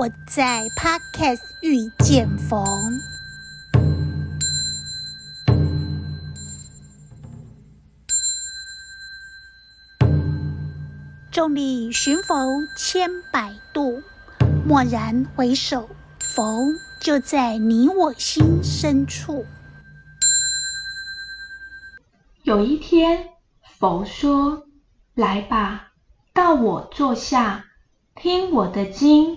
我在 Podcast 遇見佛。眾裡尋佛千百度，驀然回首，佛就在你我心深處。有一天，佛說：“來吧，到我坐下，聽我的經。”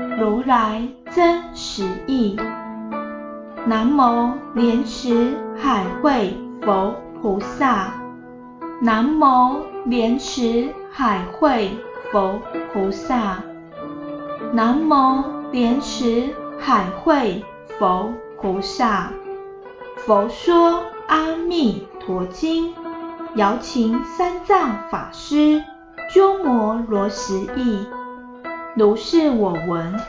如來真實義。南無蓮池海會佛菩薩，南無蓮池海會佛菩薩，南無蓮池海會佛，佛菩薩。佛說阿彌陀經，姚秦三藏法師鳩摩羅什譯。如是我聞。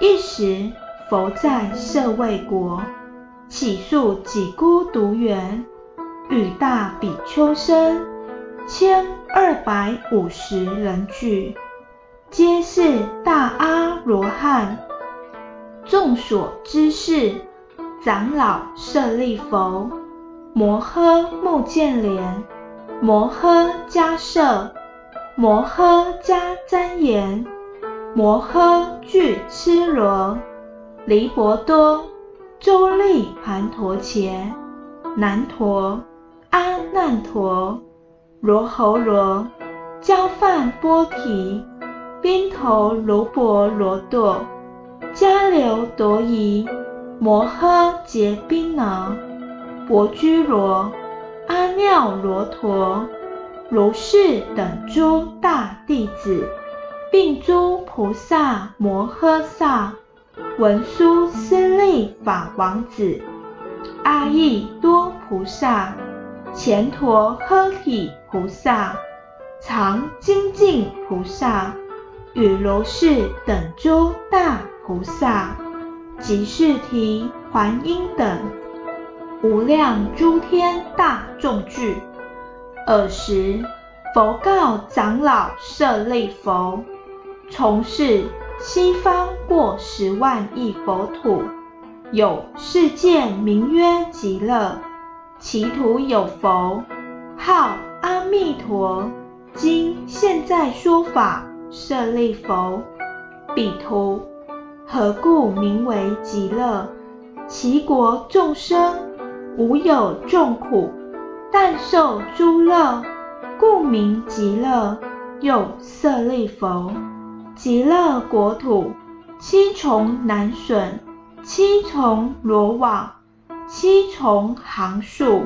一時，佛在舍衛國，祇樹給孤獨園，與大比丘僧千二百五十人俱，皆是大阿羅漢。眾所知識：「長老舍利弗、摩訶目犍連、摩訶迦葉、摩訶迦旃延。」摩訶俱絺羅、離婆多、周利盤陀伽難陀、阿難陀、羅侯羅、憍梵波提、賓頭盧頗羅墮、迦留陀夷、摩訶劫賓那、薄拘羅、阿㝹樓馱，如是等諸大弟子。並諸菩薩摩訶薩，文殊師利法王子，阿逸多菩薩，乾陀訶提菩薩，常精進菩薩，與如是等諸大菩薩，及世提、桓因等，無量諸天大眾聚。爾時，佛告長老舍利弗。從是西方過十萬億佛土，有世界名曰極樂，其土有佛，號阿彌陀，今現在說法，舍利弗。彼土何故名為極樂？其國眾生無有眾苦，但受諸樂，故名極樂。又舍利弗。極樂國土七重欄楯，七重羅網，七重行樹，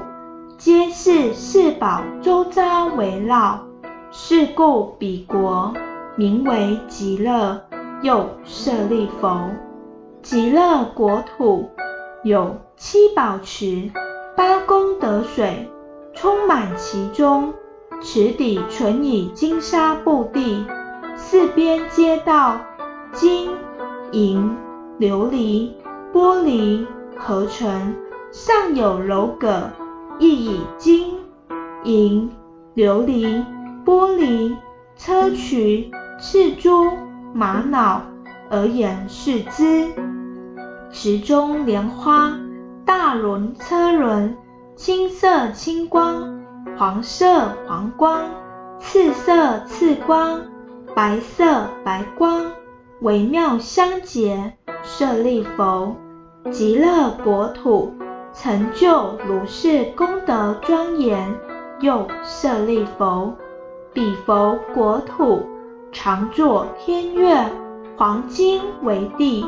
皆是四寶周匝圍繞。是故彼國名為極樂，又舍利弗，極樂國土有七寶池，八功德水充滿其中，池底純以金沙布地。四邊街道，金銀琉璃玻璃合成，上有樓閣，亦以金銀琉璃玻璃硨磲赤珠瑪瑙，瑙而嚴飾之。池中蓮花，大輪車輪，青色青光，黃色黃光，赤色赤光。白色白光，微妙香潔，舍利弗，極樂國土，成就如是功德莊嚴。又舍利弗，彼佛國土，常作天樂，黃金為地，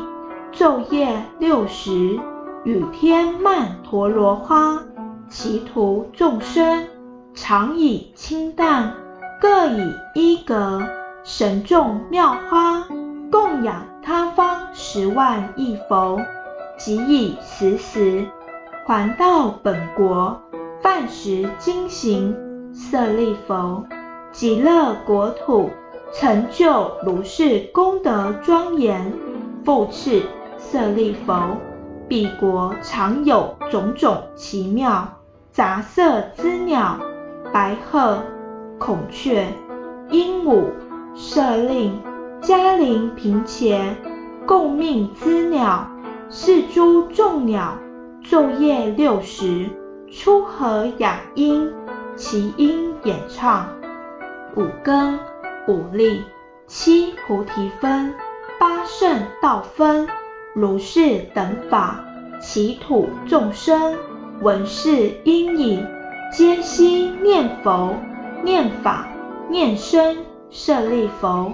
晝夜六時，雨天曼陀羅花，其土眾生，常以清旦，各以衣裓。神眾妙花，供養他方十萬億佛，即以食時還到本國，飯食經行。舍利弗，極樂國土成就如是功德莊嚴，復次舍利弗，彼國常有種種奇妙雜色之鳥，白鶴、孔雀、鸚鵡。舍利迦陵頻伽，共命之鳥，是諸眾鳥，晝夜六時出和雅音，其音演暢，五根、五力、七菩提分、八聖道分，如是等法，其土眾生聞是音已，皆悉念佛、念法、念僧。舍利弗，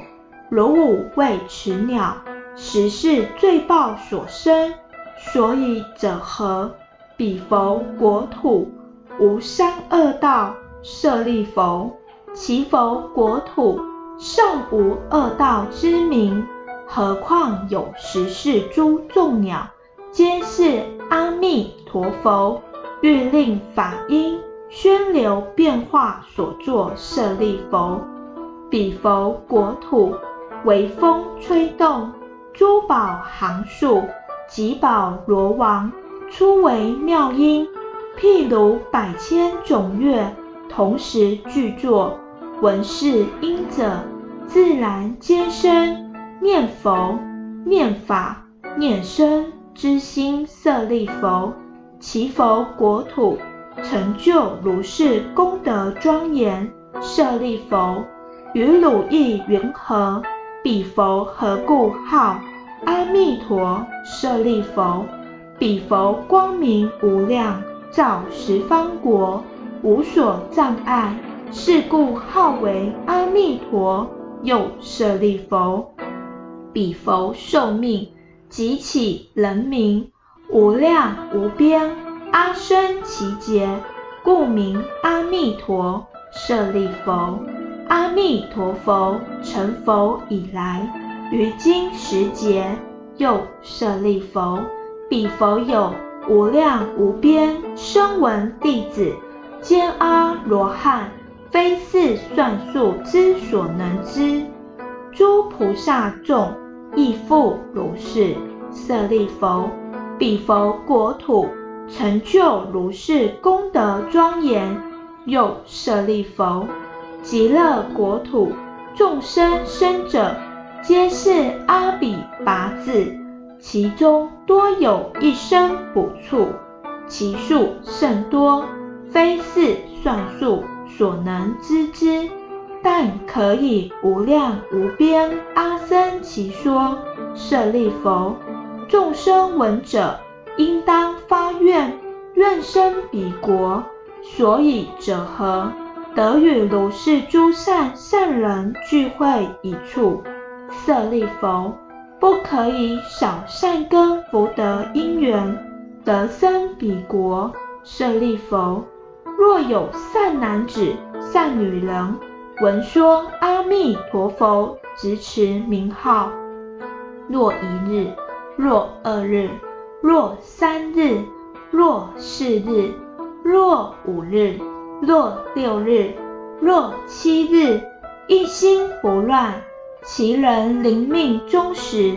汝勿謂此鳥，實是罪報所生，所以者何？彼佛國土無三惡道。舍利弗，其佛國土尚無惡道之名，何況有實。是諸眾鳥，皆是阿彌陀佛欲令法音宣流，變化所作立佛。舍利弗。彼佛國土，微風吹動，諸寶行樹，及寶羅網，出為妙音，譬如百千種樂，同時俱作，聞是音者，自然皆生念佛、念法、念僧之心。舍利弗，其佛國土，成就如是功德莊嚴，舍利弗。於汝意云何，彼佛何故號阿彌陀？舍利弗。彼佛光明無量，照十方國，無所障礙。是故號為阿彌陀。又舍利弗，彼佛壽命，及其人民，無量無邊，阿僧祇劫。故名阿彌陀。舍利弗。阿彌陀佛，成佛以來，於今時節。又舍利弗，彼佛有無量無邊聲聞弟子，皆阿羅漢，非是算數之所能知。諸菩薩眾亦復如是。舍利弗，彼佛國土成就如是功德莊嚴。又舍利弗，極樂國土眾生生者，皆是阿鞞跋致，其中多有一生補處，其數甚多，非是算數所能知之，但可以無量無邊阿僧祇說。舍利弗，眾生聞者，應當發願，願生彼國。所以者何？得與如是諸上善人俱會一處，舍利弗，不可以少善根福德因緣，得生彼國。舍利弗，若有善男子、善女人，聞說阿彌陀佛，執持名號，若一日，若二日，若三日，若四日，若五日，若六日，若七日，一心不亂，其人臨命終時，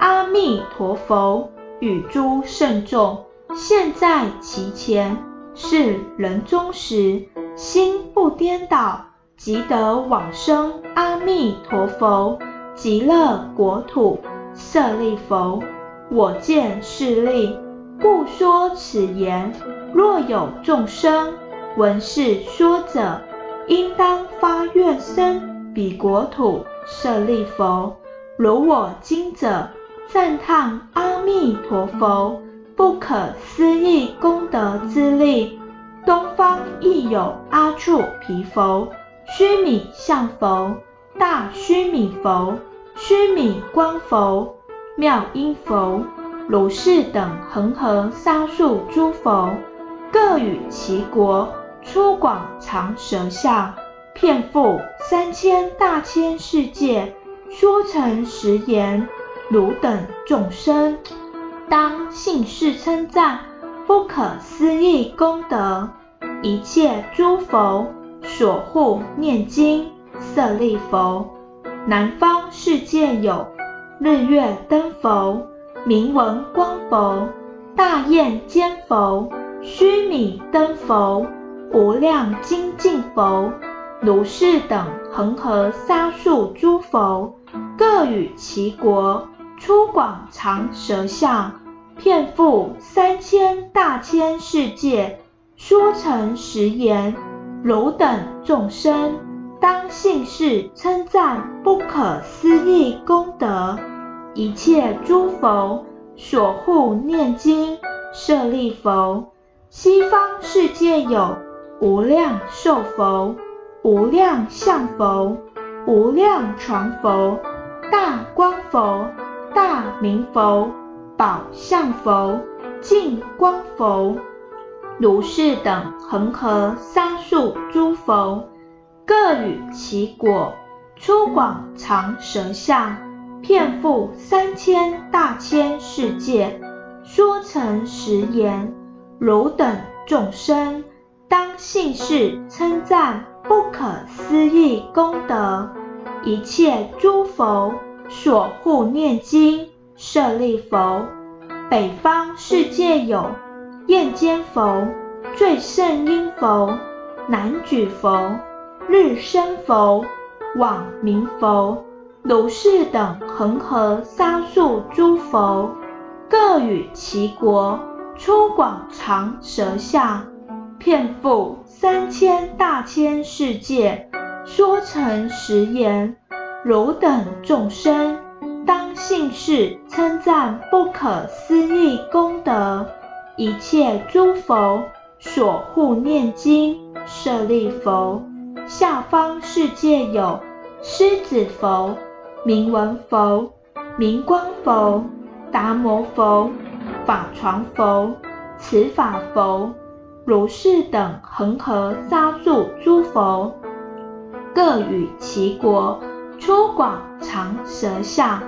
阿彌陀佛與諸聖眾現在其前，是人終時心不顛倒，即得往生阿彌陀佛極樂國土。舍利弗，我見是利，故說此言。若有眾生，聞是說者，應當發願生彼國土，舍利弗。如我今者，讚歎阿彌陀佛不可思議功德之利。東方亦有阿閦鞞佛、須彌相佛、大須彌佛、須彌光佛、妙音佛、如是等恆河沙數諸佛，各於其國，出廣長舌相，遍覆三千大千世界，說誠實言，汝等眾生，當信是稱讚，不可思議功德。一切諸佛所護念經，舍利弗，南方世界有日月燈佛，名聞光佛，大焰肩佛，須彌燈佛。無量精進佛、如是等恆河沙數諸佛，各於其國出廣長舌相，遍覆三千大千世界，說誠實言。汝等眾生當信是，稱讚不可思議功德。一切諸佛所護念經，舍利弗，西方世界有。無量壽佛，無量相佛，無量幢佛，大光佛，大明佛，寶相佛，淨光佛，如是等恆河沙數諸佛，各於其國，出廣長舌相，遍覆三千大千世界，說誠實言，汝等眾生。當信是稱讚不可思議功德，一切諸佛所護念經。舍利弗，北方世界有焰肩佛、最勝音佛、難沮佛、日生佛、網明佛、如是等恆河沙數諸佛，各於其國，出廣長舌相。遍覆三千大千世界，說誠實言，汝等眾生當信是稱讚不可思議功德。一切諸佛所護念經，舍利弗，下方世界有獅子佛、明文佛、明光佛、達摩佛、法幢佛、持法佛。如是等恆河沙數諸佛，各於其國出廣長舌相，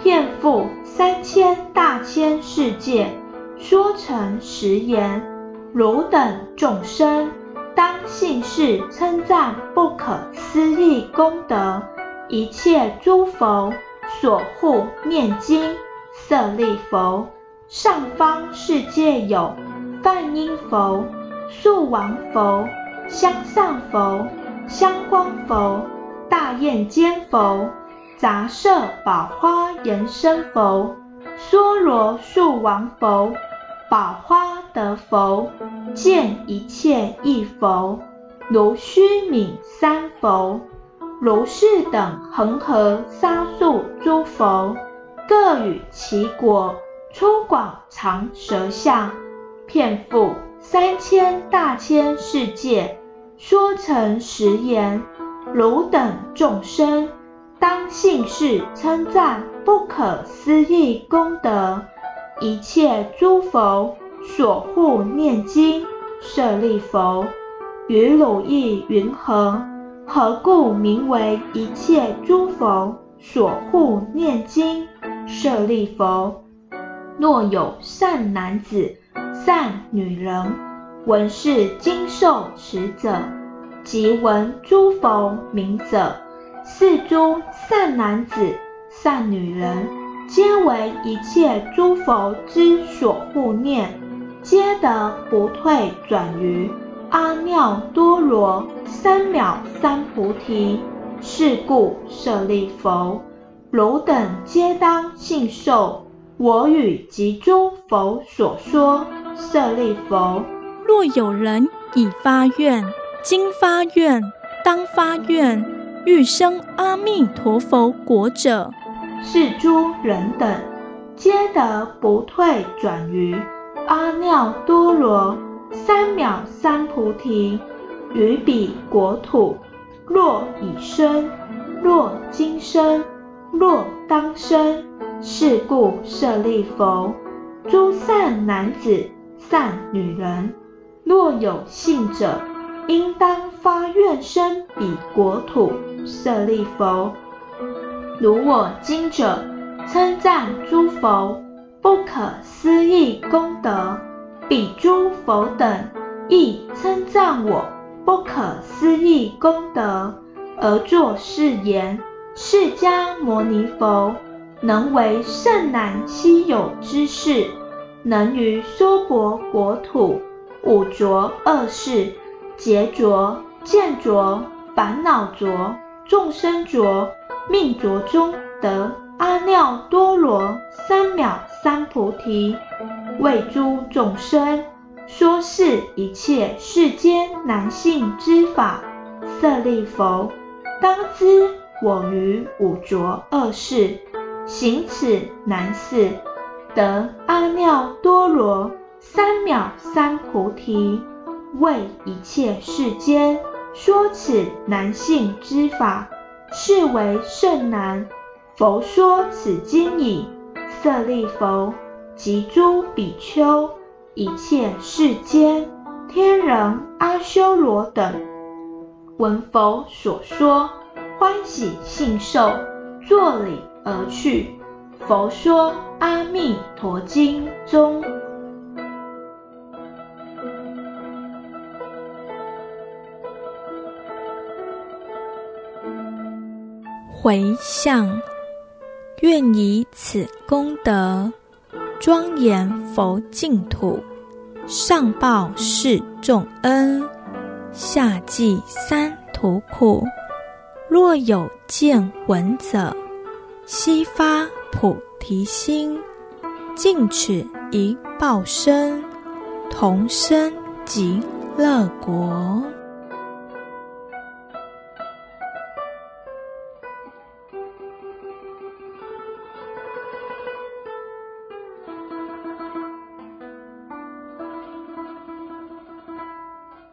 遍覆三千大千世界，說誠實言。汝等眾生當信是，稱讚不可思議功德。一切諸佛所護念經，舍利弗，上方世界有。梵音佛、宿王佛、香上佛、香光佛、大焰肩佛、雜色寶花嚴身佛、娑羅樹王佛、寶花德佛、見一切義佛、如須彌山佛、如是等恆河沙數諸佛，各於其國出廣長舌相，遍覆三千大千世界，說誠實言，汝等眾生當信是稱讚不可思議功德，一切諸佛所護念經，舍利弗，於汝意云何？何故名為一切諸佛所護念經？舍利弗，若有善男子。善女人聞是經受持者，即聞諸佛名者，是諸善男子、善女人，皆為一切諸佛之所護念，皆得不退轉於阿耨多羅三藐三菩提。是故舍利弗，汝等皆當信受我語及諸佛所說。舍利弗，若有人已發願，今發願，當發願，欲生阿彌陀佛國者，是諸人等，皆得不退轉於阿耨多羅三藐三菩提。於彼國土，若已生，若今生，若當生，是故舍利弗，諸善男子。善女人，若有信者，應當發願生彼國土，舍利弗。如我今者，稱讚諸佛不可思議功德，彼諸佛等亦稱讚我不可思議功德，而作是言：釋迦牟尼佛，能為甚難希有之事。能於娑婆國土五濁惡世，劫濁、見濁、煩惱濁、眾生濁、命濁中得阿耨多羅三藐三菩提，為諸眾生說是一切世間難信之法。舍利弗，當知我於五濁惡世行此難事，得阿耨多羅三藐三菩提，為一切世間說此難信之法，是為甚難。佛說此經已，舍利弗及諸比丘，一切世間天人阿修羅等，聞佛所說，歡喜信受，作禮而去。佛說《阿彌陀經》中，迴向，願以此功德，莊嚴佛淨土，上報四重恩，下濟三途苦。若有見聞者，悉發。菩提心，盡此一報身，同生極樂國。